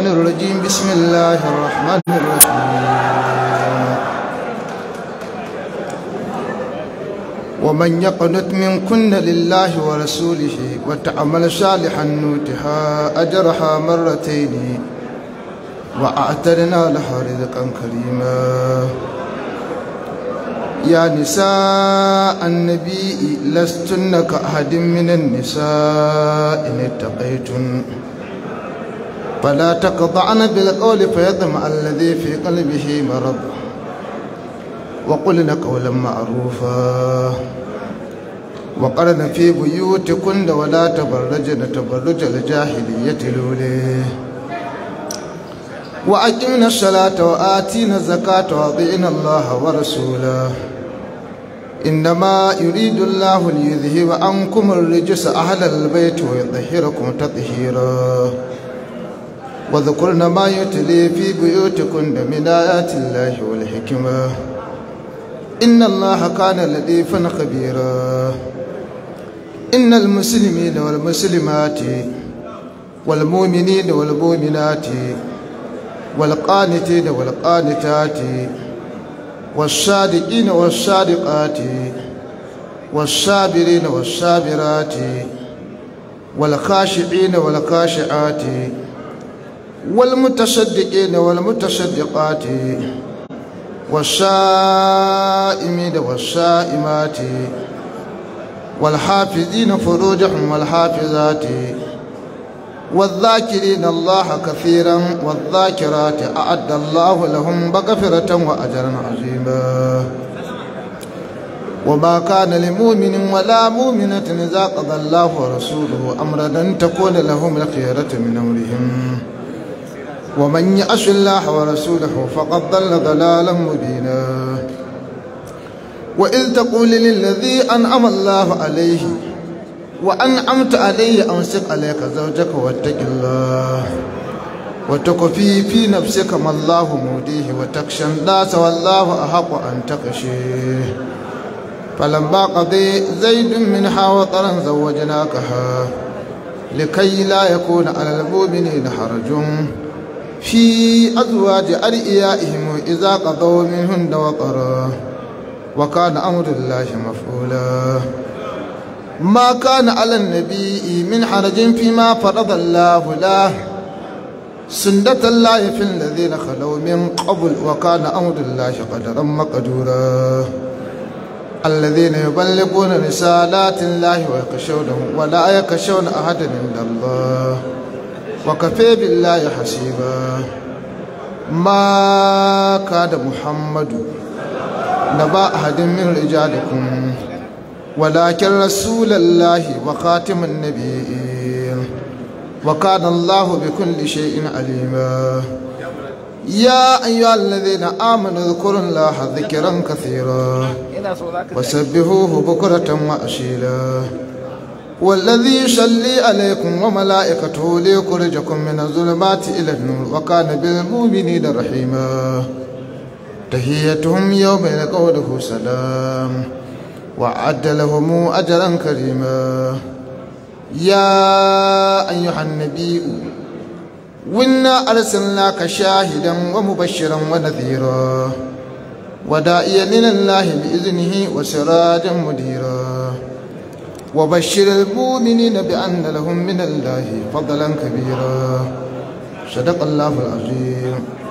الرجيم بسم الله الرحمن الرحيم ومن يقنت منكن لله ورسوله وتعمل صالحا نوتها أجرها مرتين وأعتدنا لها رزقا كريما يا نساء النبي لستن كأحد من النساء إن اتقيتن فلا تقطعن بالقول فيطمع الذي في قلبه مرض وقلن قولا معروفا وقرن في بيوتكن ولا تبرجن تبرج الجاهلية الأولى وأقمنا الصلاة وآتينا الزكاة وأطيعنا الله ورسوله إنما يريد الله ليذهب عنكم الرجس أهل البيت ويطهركم تطهيرا وذكرنا ما يتلي في بيوتكن من آيات الله والحكمة إن الله كان لطيفا خبيرا إن المسلمين والمسلمات والمؤمنين والمؤمنات والقانتين والقانتات والصادقين والصادقات والصابرين والصابرات والخاشعين والخاشعات والمتصدقين والمتصدقات والصائمين والصائمات والحافظين فروجهم والحافظات والذاكرين الله كثيرا والذاكرات أعد الله لهم مغفرة وأجرا عظيما وما كان لمؤمن ولا مؤمنة إذا قضى الله ورسوله أمرا أن تكون لهم الخيرة من أمرهم ومن يعش الله ورسوله فقد ضل ضلالا مبينا وإذ تقول للذي أنعم الله عليه وأنعمت عليه أمسك عليك زوجك واتق الله وتكفي في نفسك ما الله موديه وتخشى الناس والله أحق أن تخشيه فلما قضي زيد منها وطرا زوجناكها لكي لا يكون على المؤمنين حرج في أزواج أدعيائهم إذا قضوا منهن وقرا وكان أمر الله مفعولا ما كان على النبي من حرج فيما فرض الله له سنة الله في الذين خلوا من قبل وكان أمر الله قدرا مقدورا الذين يبلغون رسالات الله ويخشونه ولا يخشون أحدا عند الله وكفى بالله حسيبا ما كاد محمد نبا أحد من رجالكم ولكن رسول الله وخاتم النبيين وكان الله بكل شيء عليما يا أيها الذين آمنوا اذكروا الله ذكرا كثيرا وسبحوه بكرة وأشيلا والذي يصلي عليكم وملائكته ليخرجكم من الظلمات إلى النور وكان بالمؤمنين رحيما تحيتهم يوم يلقونه سلام وعد لهم أجرا كريما يا أيها النبي وإنا أرسلناك شاهدا ومبشرا ونذيرا وداعيا إلى الله بإذنه وسراجا مديرا وبشر المؤمنين بأن لهم من الله فضلا كبيرا صدق الله العظيم